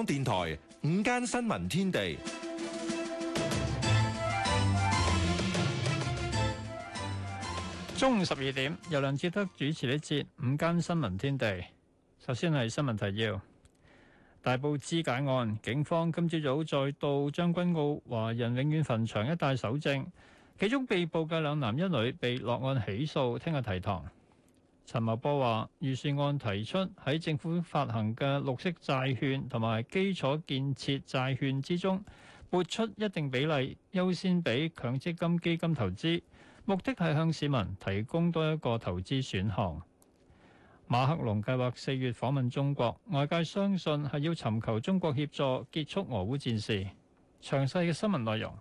港電台午間新聞天地，中午十二點由梁志德主持呢節午間新聞天地，首先係新聞提要：大埔肢解案，警方今朝早再到將軍澳華人永遠墳場一帶搜證，其中被捕嘅兩男一女被落案起訴，聽日提堂。陳茂波話：預算案提出喺政府發行嘅綠色債券同埋基礎建設債券之中撥出一定比例，優先俾強積金基金投資，目的係向市民提供多一個投資選項。馬克龍計劃四月訪問中國，外界相信係要尋求中國協助結束俄烏戰事。詳細嘅新聞內容。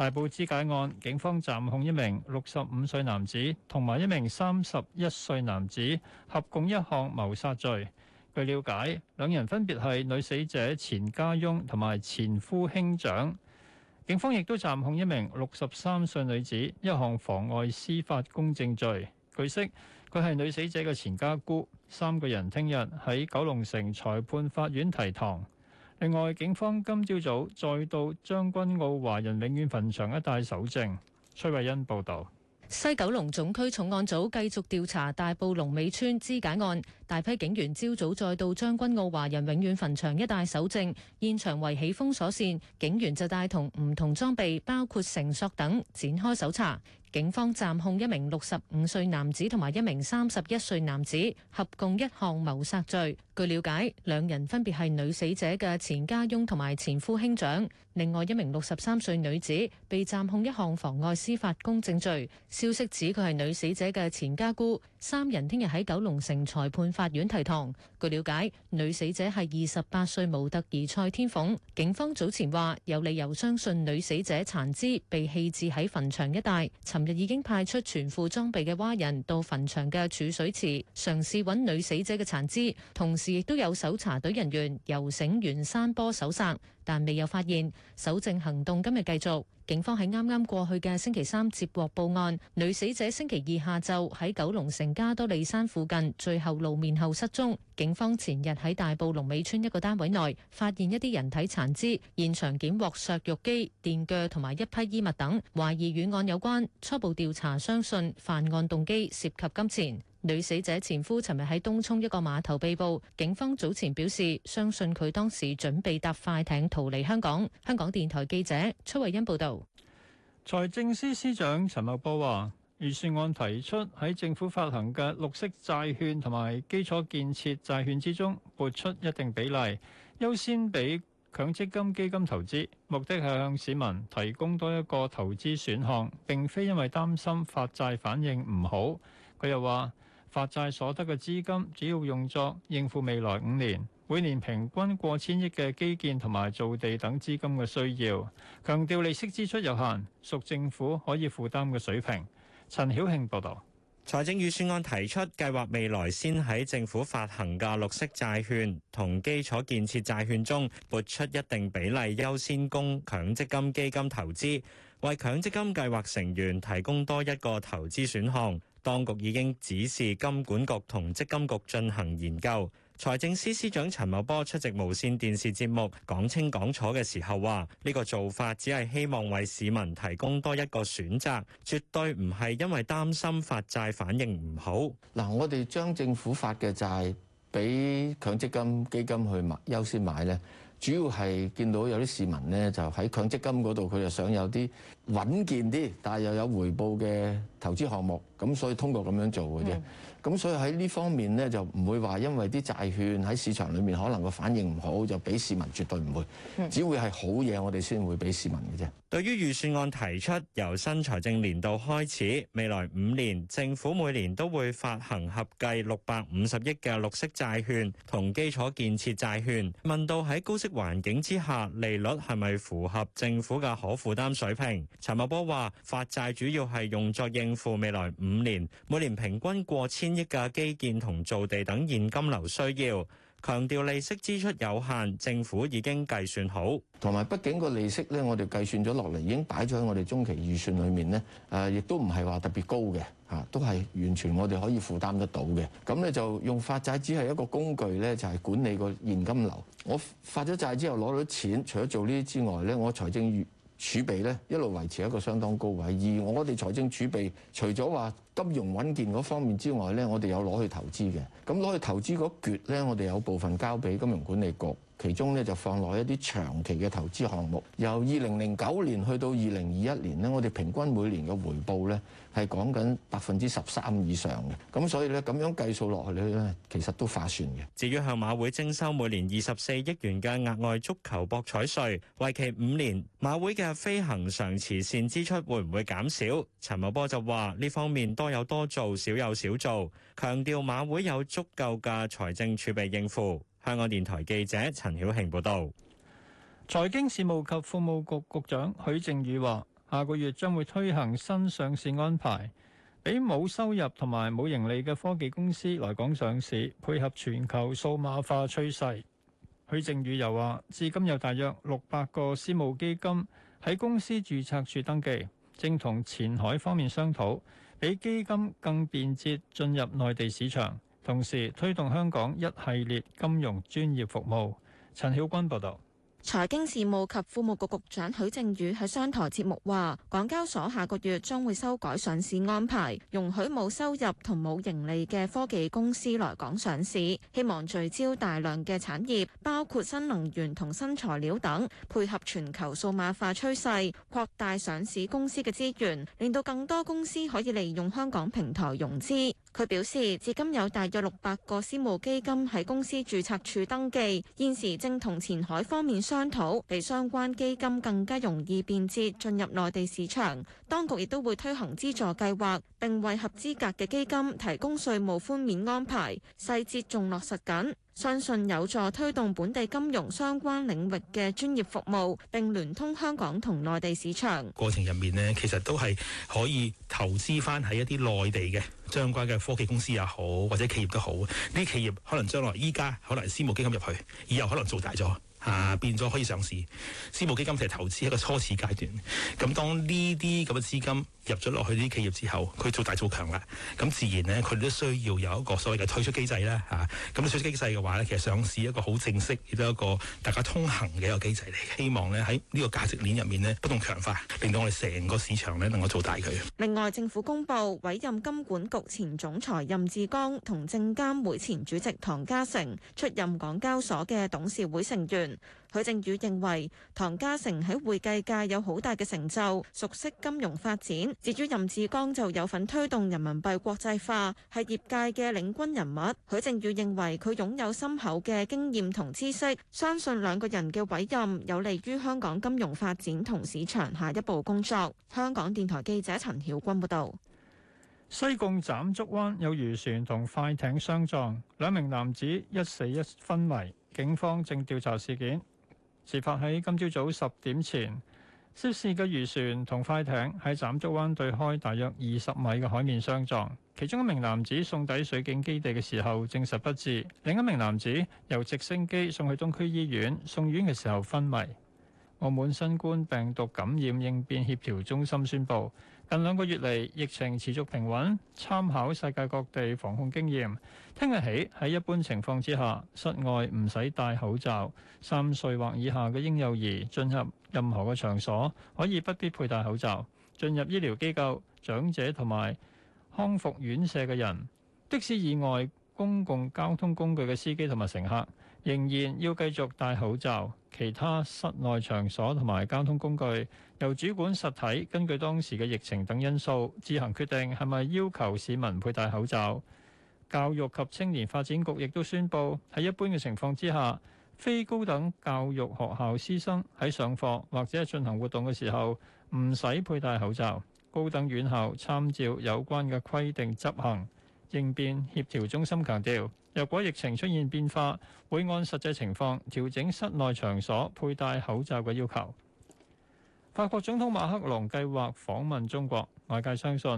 大埔肢解案，警方暫控一名六十五歲男子同埋一名三十一歲男子，合共一項謀殺罪。據了解，兩人分別係女死者前家翁同埋前夫兄長。警方亦都暫控一名六十三歲女子，一項妨礙司法公正罪。據悉，佢係女死者嘅前家姑。三個人聽日喺九龍城裁判法院提堂。另外，警方今朝早再到將軍澳華人永遠墳場一帶搜證。崔慧欣報道，西九龍總區重案組繼續調查大埔龍尾村肢解案。大批警員朝早再到將軍澳華人永遠墳場一帶搜證，現場圍起封鎖線，警員就帶同唔同裝備，包括繩索等，展開搜查。警方暫控一名六十五歲男子同埋一名三十一歲男子，合共一項謀殺罪。據了解，兩人分別係女死者嘅前家翁同埋前夫兄長。另外一名六十三歲女子被暫控一項妨礙司法公正罪。消息指佢係女死者嘅前家姑。三人聽日喺九龍城裁判法院提堂。據了解，女死者係二十八歲模特兒蔡天鳳。警方早前話有理由相信女死者殘肢被棄置喺墳場一帶。尋日已經派出全副裝備嘅蛙人到墳場嘅儲水池嘗試揾女死者嘅殘肢，同時亦都有搜查隊人員游繩沿山坡搜查，但未有發現。搜證行動今日繼續。警方喺啱啱過去嘅星期三接獲報案，女死者星期二下晝喺九龍城加多利山附近最後露面後失蹤。警方前日喺大埔龍尾村一個單位內發現一啲人體殘肢，現場檢獲削肉機、電鋸同埋一批衣物等，懷疑與案有關。初步調查相信犯案動機涉及金錢。女死者前夫尋日喺東涌一個碼頭被捕，警方早前表示相信佢當時準備搭快艇逃離香港。香港電台記者崔慧欣報道。財政司司長陳茂波話：預算案提出喺政府發行嘅綠色債券同埋基礎建設債券之中撥出一定比例，優先俾強積金基金投資，目的係向市民提供多一個投資選項，並非因為擔心發債反應唔好。佢又話。發債所得嘅資金主要用作應付未來五年每年平均過千億嘅基建同埋造地等資金嘅需要，強調利息支出有限，屬政府可以負擔嘅水平。陳曉慶報導。財政預算案提出，計劃未來先喺政府發行嘅綠色債券同基礎建設債券中撥出一定比例，優先供強積金基金投資，為強積金計劃成員提供多一個投資選項。當局已經指示金管局同積金局進行研究。財政司司長陳茂波出席無線電視節目，講清講楚嘅時候話：呢個做法只係希望為市民提供多一個選擇，絕對唔係因為擔心發債反應唔好嗱。我哋將政府發嘅債俾強積金基金去買，優先買咧，主要係見到有啲市民呢，就喺強積金嗰度，佢又想有啲穩健啲，但係又有回報嘅投資項目。咁所以通過咁樣做嘅啫，咁所以喺呢方面咧就唔會話因為啲債券喺市場裡面可能個反應唔好就俾市民，絕對唔會，只會係好嘢我哋先會俾市民嘅啫。對於預算案提出由新財政年度開始未來五年政府每年都會發行合計六百五十億嘅綠色債券同基礎建設債券，問到喺高息環境之下利率係咪符合政府嘅可負擔水平，陳茂波話發債主要係用作應付未來五，五年，每年平均過千億嘅基建同造地等現金流需要，強調利息支出有限，政府已經計算好。同埋，畢竟個利息咧，我哋計算咗落嚟已經擺咗喺我哋中期預算裏面咧，誒、呃，亦都唔係話特別高嘅，嚇、啊，都係完全我哋可以負擔得到嘅。咁咧就用發債只係一個工具咧，就係、是、管理個現金流。我發咗債之後攞到錢，除咗做呢啲之外咧，我財政預儲備咧一路維持一個相當高位，而我哋財政儲備除咗話，金融穩健嗰方面之外咧，我哋有攞去投資嘅，咁攞去投資嗰橛咧，我哋有部分交俾金融管理局，其中咧就放落一啲長期嘅投資項目。由二零零九年去到二零二一年咧，我哋平均每年嘅回報咧係講緊百分之十三以上嘅，咁所以咧咁樣計數落去咧，其實都划算嘅。至於向馬會徵收每年二十四億元嘅額外足球博彩稅，為期五年，馬會嘅非經常慈善支出會唔會減少？陳茂波就話呢方面多。有多做，少有少做，強調馬會有足夠嘅財政儲備應付。香港電台記者陳曉慶報道。財經事務及庫務局局，局長許正宇話，下個月將會推行新上市安排，俾冇收入同埋冇盈利嘅科技公司來港上市，配合全球數碼化趨勢。許正宇又話，至今有大約六百個私募基金喺公司註冊處登記，正同前海方面商討，俾基金更便捷進入內地市場，同時推動香港一系列金融專業服務，陳曉君報道。財經事務及庫務局局長許正宇喺商台節目話，港交所下個月將會修改上市安排，容許冇收入同冇盈利嘅科技公司來港上市，希望聚焦大量嘅產業，包括新能源同新材料等，配合全球數碼化趨勢，擴大上市公司嘅資源，令到更多公司可以利用香港平台融資。佢表示，至今有大約六百個私募基金喺公司註冊處登記，現時正同前海方面商討，俾相關基金更加容易便捷進入內地市場，當局亦都會推行資助計劃，並為合資格嘅基金提供稅務寬免安排，細節仲落實緊。相信有助推動本地金融相關領域嘅專業服務，並聯通香港同內地市場。過程入面咧，其實都係可以投資翻喺一啲內地嘅相關嘅科技公司也好，或者企業都好。呢企業可能將來依家可能私募基金入去，以後可能做大咗。啊，變咗可以上市。私募基金其實投資一個初始階段，咁、啊、當呢啲咁嘅資金入咗落去啲企業之後，佢做大做強啦。咁、啊、自然呢，佢都需要有一個所謂嘅退出機制咧。啊，咁、啊、退出機制嘅話呢，其實上市一個好正式，亦都一個大家通行嘅一個機制嚟。希望呢喺呢個價值鏈入面呢，不斷強化，令到我哋成個市場呢能夠做大佢。另外，政府公布委任金管局前總裁任志剛同證監會前主席唐家成出任港交所嘅董事會成員。許正宇認為唐家成喺會計界有好大嘅成就，熟悉金融發展；至於任志剛就有份推動人民幣國際化，係業界嘅領軍人物。許正宇認為佢擁有深厚嘅經驗同知識，相信兩個人嘅委任有利於香港金融發展同市場下一步工作。香港電台記者陳曉君報道：西貢斬竹灣有漁船同快艇相撞，兩名男子一死一昏迷。警方正調查事件。事發喺今朝早十點前，涉事嘅漁船同快艇喺斬竹灣對開，大約二十米嘅海面相撞。其中一名男子送抵水警基地嘅時候證實不治，另一名男子由直升機送去東區醫院，送院嘅時候昏迷。澳門新冠病毒感染應變協調中心宣布。近兩個月嚟，疫情持續平穩。參考世界各地防控經驗，聽日起喺一般情況之下，室外唔使戴口罩；三歲或以下嘅嬰幼兒進入任何嘅場所，可以不必佩戴口罩。進入醫療機構、長者同埋康復院舍嘅人，的士以外公共交通工具嘅司機同埋乘客，仍然要繼續戴口罩。其他室內場所同埋交通工具，由主管實體根據當時嘅疫情等因素，自行決定係咪要求市民佩戴口罩。教育及青年發展局亦都宣布，喺一般嘅情況之下，非高等教育學校師生喺上課或者進行活動嘅時候，唔使佩戴口罩。高等院校參照有關嘅規定執行。應變協調中心強調，若果疫情出現變化，會按實際情況調整室內場所佩戴口罩嘅要求。法國總統馬克龍計劃訪問中國，外界相信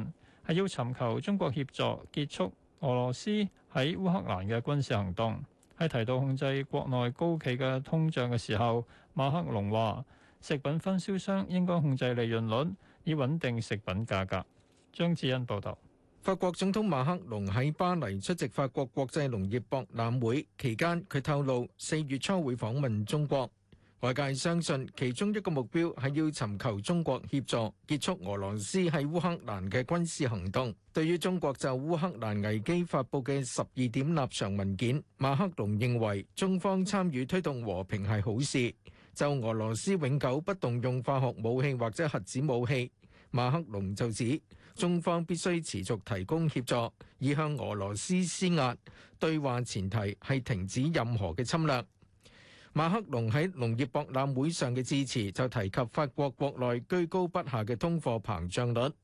係要尋求中國協助結束俄羅斯喺烏克蘭嘅軍事行動。喺提到控制國內高企嘅通脹嘅時候，馬克龍話，食品分銷商應該控制利潤率，以穩定食品價格。張志恩報道。法國總統馬克龍喺巴黎出席法國國際農業博覽會期間，佢透露四月初會訪問中國。外界相信其中一個目標係要尋求中國協助結束俄羅斯喺烏克蘭嘅軍事行動。對於中國就烏克蘭危機發布嘅十二點立場文件，馬克龍認為中方參與推動和平係好事。就俄羅斯永久不動用化學武器或者核子武器，馬克龍就指中方必須持續提供協助，以向俄羅斯施壓，對話前提係停止任何嘅侵略。馬克龍喺農業博覽會上嘅致辭就提及法國國內居高不下嘅通貨膨脹率。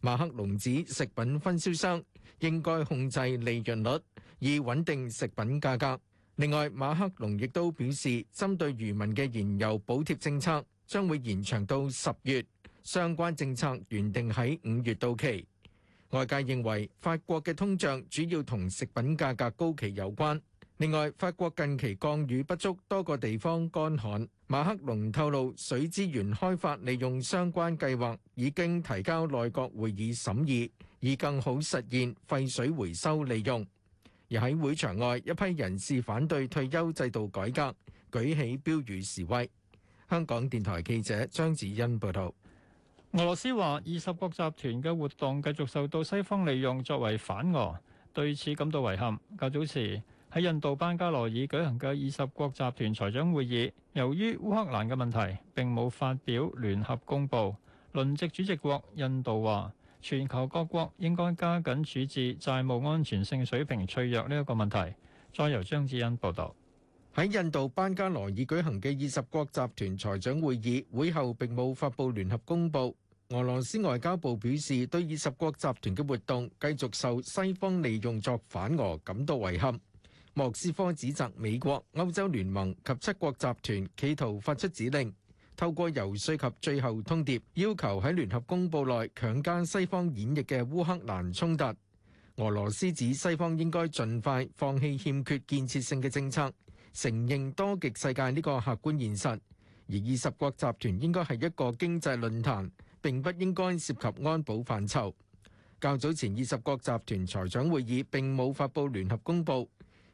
馬克龍指食品分銷商應該控制利潤率，以穩定食品價格。另外，馬克龍亦都表示，針對漁民嘅燃油補貼政策將會延長到十月，相關政策原定喺五月到期。外界認為法國嘅通脹主要同食品價格高企有關。另外，法國近期降雨不足，多個地方乾旱。馬克龍透露，水資源開發利用相關計劃已經提交內閣會議審議，以更好實現廢水回收利用。而喺會場外，一批人士反對退休制度改革，舉起標語示威。香港電台記者張子欣報道。俄羅斯話：二十國集團嘅活動繼續受到西方利用作為反俄，對此感到遺憾。較早時，喺印度班加羅爾舉行嘅二十國集團財長會議，由於烏克蘭嘅問題，並冇發表聯合公佈。輪值主席國印度話，全球各國應該加緊處置債務安全性水平脆弱呢一個問題。再由張智恩報道。喺印度班加羅爾舉行嘅二十國集團財長會議會後，並冇發布聯合公佈。俄羅斯外交部表示，對二十國集團嘅活動繼續受西方利用作反俄感到遺憾。莫斯科指責美國、歐洲聯盟及七國集團企圖發出指令，透過游説及最後通牒要求喺聯合公佈內強加西方演繹嘅烏克蘭衝突。俄羅斯指西方應該盡快放棄欠缺建設性嘅政策，承認多極世界呢個客觀現實，而二十國集團應該係一個經濟論壇，並不應該涉及安保範疇。較早前，二十國集團財長會議並冇發布聯合公佈。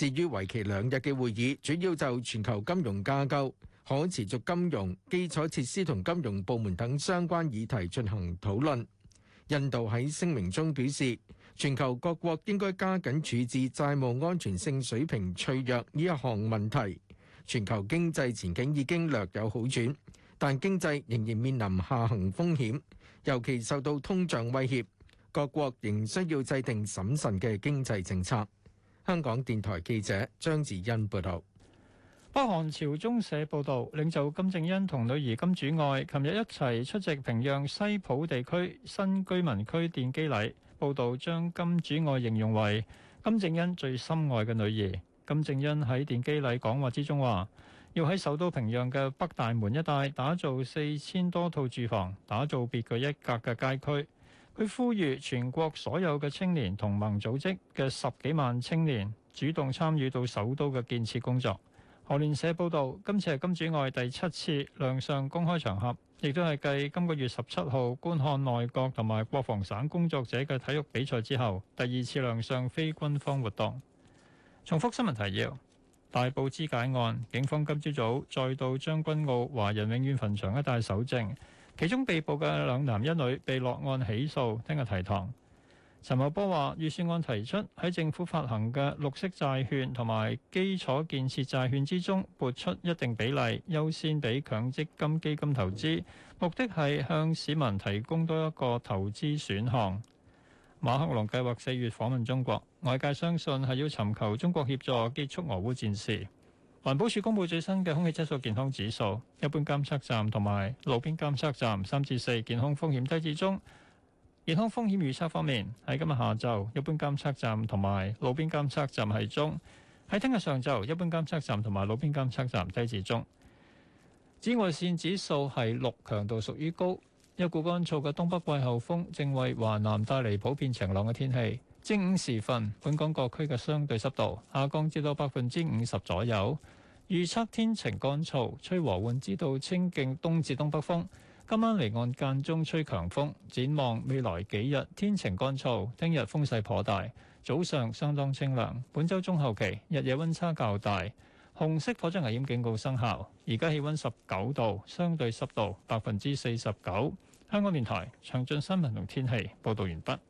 至於為期兩日嘅會議，主要就全球金融架構、可持續金融、基礎設施同金融部門等相關議題進行討論。印度喺聲明中表示，全球各國應該加緊處置債務安全性水平脆弱呢一項問題。全球經濟前景已經略有好轉，但經濟仍然面臨下行風險，尤其受到通脹威脅。各國仍需要制定審慎嘅經濟政策。香港電台記者張子欣報道，北韓朝中社報道，領袖金正恩同女兒金主愛琴日一齊出席平壤西浦地區新居民區奠基禮。報道將金主愛形容為金正恩最深愛嘅女兒。金正恩喺奠基禮講話之中話，要喺首都平壤嘅北大門一帶打造四千多套住房，打造別具一格嘅街區。佢呼籲全國所有嘅青年同盟組織嘅十幾萬青年主動參與到首都嘅建設工作。韓聯社報道，今次係金主愛第七次亮相公開場合，亦都係繼今個月十七號觀看內閣同埋國防省工作者嘅體育比賽之後，第二次亮相非軍方活動。重複新聞提要：大埔肢解案，警方今朝早再到將軍澳華人永遠墳場一帶搜證。其中被捕嘅兩男一女被落案起訴，聽日提堂。陳茂波話：預算案提出喺政府發行嘅綠色債券同埋基礎建設債券之中撥出一定比例，優先俾強積金基金投資，目的係向市民提供多一個投資選項。馬克龍計劃四月訪問中國，外界相信係要尋求中國協助結束俄烏戰事。環保署公布最新嘅空氣質素健康指數，一般監測站同埋路邊監測站三至四，4，健康風險低至中。健康風險預測方面，喺今日下晝，一般監測站同埋路邊監測站係中；喺聽日上晝，一般監測站同埋路邊監測站低至中。紫外線指數係六，強度屬於高。一股乾燥嘅東北季候風正為華南帶嚟普遍晴朗嘅天氣，正午時分，本港各區嘅相對濕度下降至到百分之五十左右。預測天晴乾燥，吹和緩至到清勁東至東北風。今晚離岸間中吹強風。展望未來幾日天晴乾燥，聽日風勢頗大，早上相當清涼。本週中後期日夜溫差較大。紅色火災危險警告生效。而家氣溫十九度，相對濕度百分之四十九。香港電台詳盡新聞同天氣報導完畢。